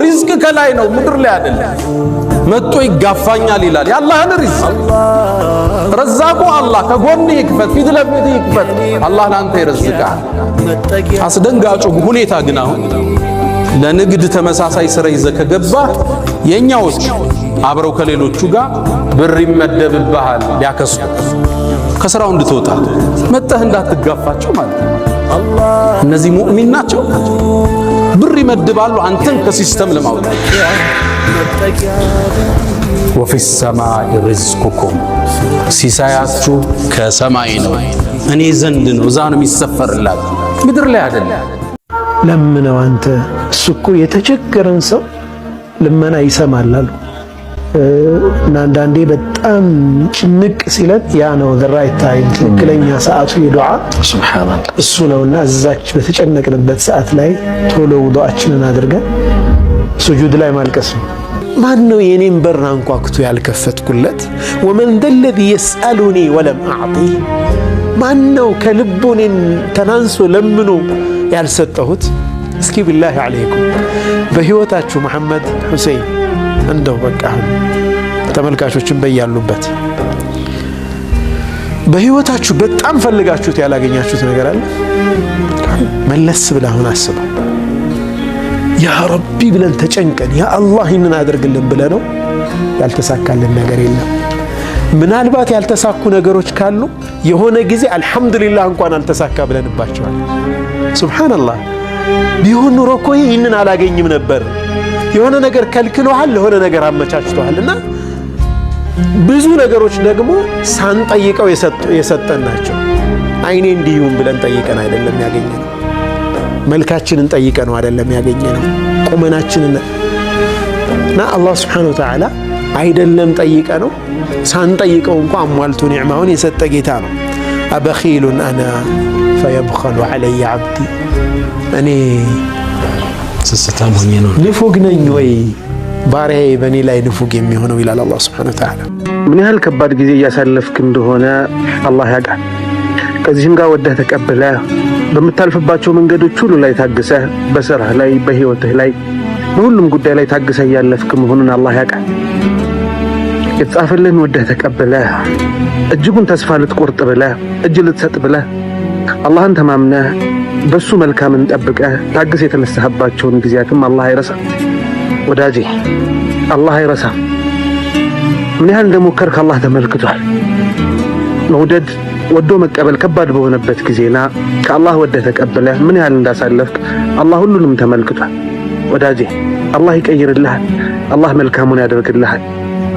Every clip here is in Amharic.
ሪዝቅ ከላይ ነው፣ ምድር ላይ አይደለም። መጥቶ ይጋፋኛል ይላል። የአላህን ሪዝቅ ረዛቁ አላህ ከጎን ይክፈት፣ ፊት ለፊት ይክፈት። አላህ ለአንተ ይረዝቃል። አስደንጋጩ ሁኔታ ግን አሁን ለንግድ ተመሳሳይ ስራ ይዘ ከገባ የእኛዎች አብረው ከሌሎቹ ጋር ብር ይመደብብሃል ሊያከሱ ከስራው እንድትወጣ መጠህ እንዳትጋፋቸው ማለት ነው። እነዚህ ሙእሚን ናቸው። ብር ይመድባሉ አንተን ከሲስተም ለማውጣት። ወፊ ሰማይ ርዝቁኩም ሲሳያችሁ ከሰማይ ነው፣ እኔ ዘንድ ነው። እዛ ነው የሚሰፈርላችሁ፣ ምድር ላይ አይደለም። ለምነው አንተ እሱ እኮ የተቸገረን ሰው ልመና ይሰማል አሉ። እና አንዳንዴ በጣም ጭንቅ ሲለን ያ ነው ራይት ታይም ትክክለኛ ሰዓቱ የዱዓ እሱ ነውና እዛች በተጨነቅንበት ሰዓት ላይ ቶሎ ውዱአችንን አድርገን ሱጁድ ላይ ማልቀስ ነው። ማን ነው የኔን በር አንኳኩቶ ያልከፈትኩለት? ወመን ዘለዚ የስአሉኒ ወለም አዕጢ ማን ነው ከልቡ እኔን ተናንሶ ለምኖ ያልሰጠሁት? እስኪ ቢላሂ ዓለይኩም በሕይወታችሁ መሐመድ ሁሴን እንደው በቃ ተመልካቾችን በያሉበት በህይወታችሁ በጣም ፈልጋችሁት ያላገኛችሁት ነገር አለ። መለስ ብለህ አሁን አስበው። ያ ረቢ ብለን ተጨንቀን ያ አላህ ይህንን አድርግልን ብለ ነው ያልተሳካልን ነገር የለም። ምናልባት ያልተሳኩ ነገሮች ካሉ የሆነ ጊዜ አልሐምዱሊላህ እንኳን አልተሳካ ብለንባቸዋል። ሱብሓነላህ ቢሆን ኑሮ እኮ ይህንን አላገኝም ነበር። የሆነ ነገር ከልክሎሃል፣ ለሆነ ነገር አመቻችቶሃል። እና ብዙ ነገሮች ደግሞ ሳንጠይቀው የሰጠን ናቸው። አይኔ እንዲሁም ብለን ጠይቀን አይደለም ያገኘነው። መልካችንን ጠይቀነው አይደለም ያገኘነው። ቁመናችንን እና አላህ ሱብሓነሁ ወተዓላ አይደለም ጠይቀነው፣ ሳንጠይቀው እንኳ አሟልቶ ኒዕማውን የሰጠ ጌታ ነው። አበኺሉን አና ፈየብኸሉ ዓለየ ዓብዲ እኔ ስስታም ሆኜ ነው ንፉግ ነኝ ወይ ባሪያዬ በእኔ ላይ ንፉግ የሚሆነው ይላል አላህ ሱብሓነሁ ወተዓላ። ምን ያህል ከባድ ጊዜ እያሳለፍክ እንደሆነ አላህ ያውቃል። ከዚህም ጋር ወደህ ተቀብለህ በምታልፍባቸው መንገዶች ሁሉ ላይ ታግሰህ በስራህ ላይ በህይወትህ ላይ በሁሉም ጉዳይ ላይ ታግሰህ እያለፍክ መሆኑን አላህ ያውቃል። የተጻፈልህን ወደህ ተቀብለህ እጅጉን ተስፋ ልትቆርጥ ብለህ እጅ ልትሰጥ ብለህ አላህን ተማምነህ በሱ መልካምን ጠብቀህ ታግስ የተነሳህባቸውን ጊዜያትም አላህ አይረሳም። ወዳጄ አላህ አይረሳም። ምን ያህል እንደሞከርክ አላህ ተመልክቷል። መውደድ ወዶ መቀበል ከባድ በሆነበት ጊዜና ከአላህ ወደ ተቀበለ ምን ያህል እንዳሳለፍክ አላህ ሁሉንም ተመልክቷል። ወዳጄ አላህ ይቀይርልሃል። አላህ መልካሙን ያደርግልሃል።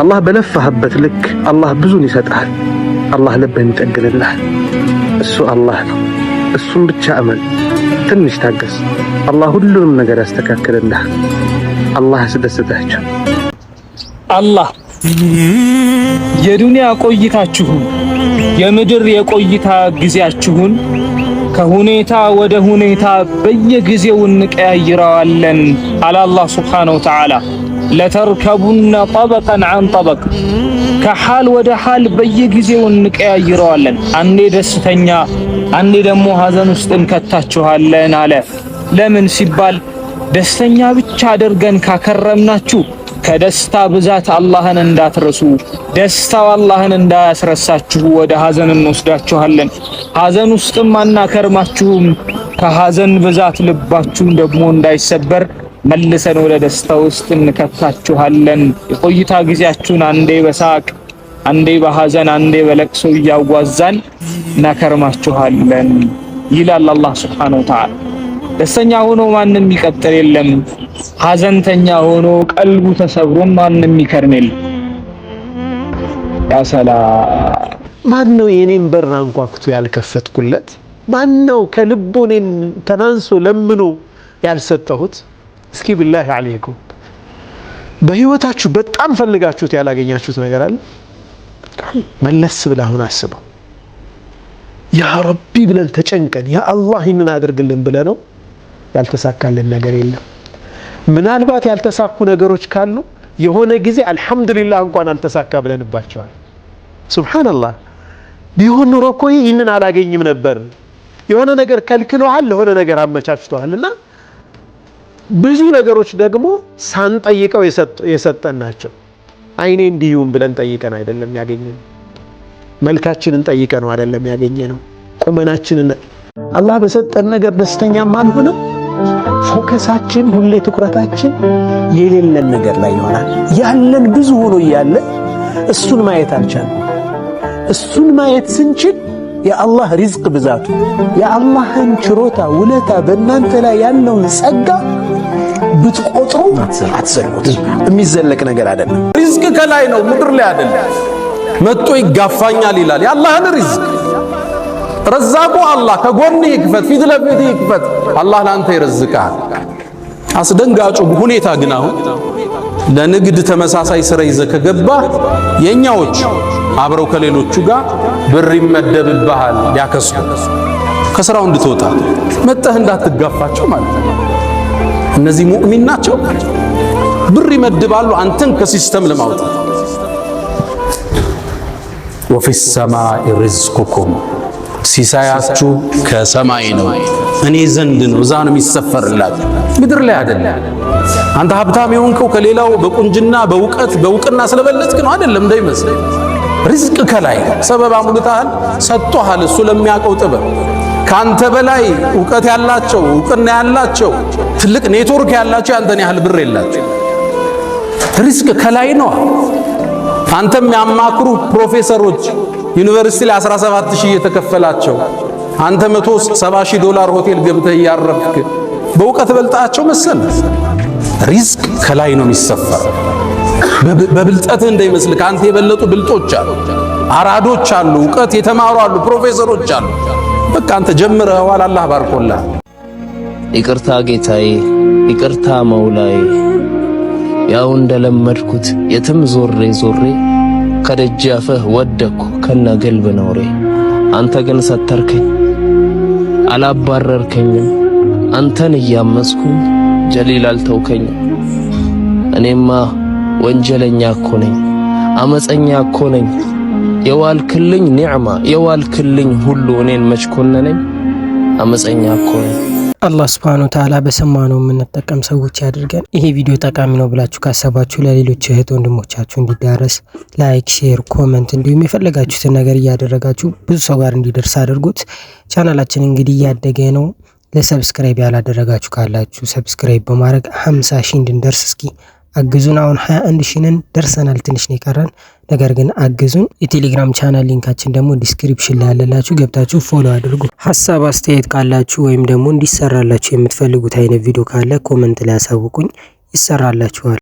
አላህ በለፋህበት ልክ አላህ ብዙን ይሰጥሃል። አላህ ልብህን ይጠግንልሃል። እሱ አላህ ነው። እሱን ብቻ እመን። ትንሽ ታገስ። አላህ ሁሉንም ነገር ያስተካክልልህ። አላህ ያስደስታችሁ። አላህ የዱንያ ቆይታችሁን የምድር የቆይታ ጊዜያችሁን ከሁኔታ ወደ ሁኔታ በየጊዜው እንቀያይረዋለን አለ አላህ ሱብሓነሁ ወተዓላ። ለተርከቡና ጠበቀን አን ጠበቅ ከሓል ወደ ሓል በየጊዜው እንቀያይረዋለን። አንዴ ደስተኛ፣ አንዴ ደግሞ ሀዘን ውስጥ እንከታችኋለን አለ። ለምን ሲባል ደስተኛ ብቻ አድርገን ካከረምናችሁ ከደስታ ብዛት አላህን እንዳትረሱ፣ ደስታው አላህን እንዳያስረሳችሁ ወደ ሀዘን እንወስዳችኋለን። ሀዘን ውስጥም አናከርማችሁም። ከሀዘን ብዛት ልባችሁ ደግሞ እንዳይሰበር መልሰን ወደ ደስታ ውስጥ እንከታችኋለን። የቆይታ ጊዜያችሁን አንዴ በሳቅ አንዴ በሐዘን አንዴ በለቅሶ እያዋዛን እናከርማችኋለን ይላል አላህ ሱብሓነሁ ወተዓላ። ደስተኛ ሆኖ ማንም ይቀጥር የለም። ሐዘንተኛ ሆኖ ቀልቡ ተሰብሮ ማንም ይከርም የለም። ያሰላ ማን ነው የኔን በር አንኳኩቶ ያልከፈትኩለት? ማን ነው ከልቡ እኔን ተናንሶ ለምኖ ያልሰጠሁት? እስኪ ቢላሂ አለይኩም በህይወታችሁ በጣም ፈልጋችሁት ያላገኛችሁት ነገር አለ? መለስ ብለህ አሁን አስበው። ያ ረቢ ብለን ተጨንቀን ያ አላህ ይህንን አድርግልን ብለህ ነው ያልተሳካልን ነገር የለም። ምናልባት ያልተሳኩ ነገሮች ካሉ የሆነ ጊዜ አልሐምዱሊላህ እንኳን አልተሳካ ብለንባቸዋል። ሱብሓነላህ ቢሆን ኑሮ እኮ ይህንን አላገኝም ነበር። የሆነ ነገር ከልክለዋል፣ ለሆነ ነገር አመቻችተዋል እና ብዙ ነገሮች ደግሞ ሳንጠይቀው የሰጠን ናቸው። አይኔ እንዲሁም ብለን ጠይቀን አይደለም ያገኘነው። መልካችንን ጠይቀ ነው አይደለም ያገኘነው። ቁመናችንን አላህ በሰጠን ነገር ደስተኛ አልሆነም። ፎከሳችን ሁሌ ትኩረታችን የሌለን ነገር ላይ ይሆናል። ያለን ብዙ ሆኖ እያለ እሱን ማየት አልቻልም። እሱን ማየት ስንችል የአላህ ሪዝቅ ብዛቱ የአላህን ችሮታ ውለታ፣ በእናንተ ላይ ያለውን ጸጋ ብትቆጥሩ አትዘልቁት። የሚዘለቅ ነገር አይደለም። ሪዝቅ ከላይ ነው፣ ምድር ላይ አይደለም። መጦ ይጋፋኛል ይላል። የአላህን ሪዝቅ ረዛቁ አላህ ከጎን ይክፈት፣ ፊት ለፊት ይክፈት። አላህ ለአንተ ይረዝቃል። አስደንጋጩ ሁኔታ ግን አሁን ለንግድ ተመሳሳይ ስራ ይዘ ከገባ የኛዎች አብረው ከሌሎቹ ጋር ብር ይመደብብሃል፣ ያከስኩ ከስራው እንድትወጣ መጠህ እንዳትጋፋቸው ማለት ነው። እነዚህ ሙእሚን ናቸው። ብር ይመድባሉ አንተን ከሲስተም ለማውጣት። ወፊ ሰማኢ ሪዝቁኩም ሲሳያችሁ ከሰማይ ነው፣ እኔ ዘንድ ነው። እዛ ነው የሚሰፈርላት፣ ምድር ላይ አይደለም። አንተ ሀብታም የሆንከው ከሌላው በቁንጅና በእውቀት በእውቅና ስለበለጥክ ነው አይደለም እንዳይመስል። ሪዝቅ ከላይ ሰበብ አሙልታህል ሰጥቶሃል እሱ ለሚያውቀው ጥበብ ከአንተ በላይ እውቀት ያላቸው እውቅና ያላቸው ትልቅ ኔትወርክ ያላቸው ያንተን ያህል ብር የላቸው። ሪስክ ከላይ ነው አንተም የሚያማክሩ ፕሮፌሰሮች ዩኒቨርሲቲ ላይ 17 ሺህ እየተከፈላቸው አንተ 170 ሺህ ዶላር ሆቴል ገብተህ እያረፍክ በእውቀት በልጣቸው መሰለ። ሪስክ ከላይ ነው የሚሰፈር። በብልጠትህ እንዳይመስልህ ከአንተ የበለጡ ብልጦች አሉ፣ አራዶች አሉ፣ እውቀት የተማሩ አሉ፣ ፕሮፌሰሮች አሉ። በቃ አንተ ጀምረኸዋል፣ አላህ ባርኮላ። ይቅርታ ጌታዬ፣ ይቅርታ መውላዬ፣ ያው እንደለመድኩት የትም ዞሬ ዞሬ ከደጃፍህ ወደኩ ከነ ግልብ ነውሬ። አንተ ግን ሰተርከኝ አላባረርከኝም፣ አንተን እያመስኩኝ ጀሊል አልተውከኝ። እኔማ ወንጀለኛ እኮ ነኝ፣ አመፀኛ እኮ ነኝ። የዋልክልኝ ኒዕማ የዋልክልኝ ሁሉ እኔን መችኮነነኝ አመፀኛ እኮ አላህ ስብሐነ ወተዓላ በሰማነው የምንጠቀም ሰዎች ያድርገን። ይሄ ቪዲዮ ጠቃሚ ነው ብላችሁ ካሰባችሁ ለሌሎች እህት ወንድሞቻችሁ እንዲዳረስ ላይክ፣ ሼር፣ ኮመንት እንዲሁም የፈለጋችሁትን ነገር እያደረጋችሁ ብዙ ሰው ጋር እንዲደርስ አድርጉት። ቻናላችን እንግዲህ እያደገ ነው። ለሰብስክራይብ ያላደረጋችሁ ካላችሁ ሰብስክራይብ በማድረግ ሀምሳ ሺህ እንድንደርስ እስኪ አግዙን። አሁን 21 ሺንን ደርሰናል። ትንሽ ነው የቀረን፣ ነገር ግን አግዙን። የቴሌግራም ቻናል ሊንካችን ደግሞ ዲስክሪፕሽን ላይ ያለላችሁ ገብታችሁ ፎሎ አድርጉ። ሀሳብ አስተያየት ካላችሁ ወይም ደግሞ እንዲሰራላችሁ የምትፈልጉት አይነት ቪዲዮ ካለ ኮመንት ላይ ያሳውቁኝ፣ ይሰራላችኋል።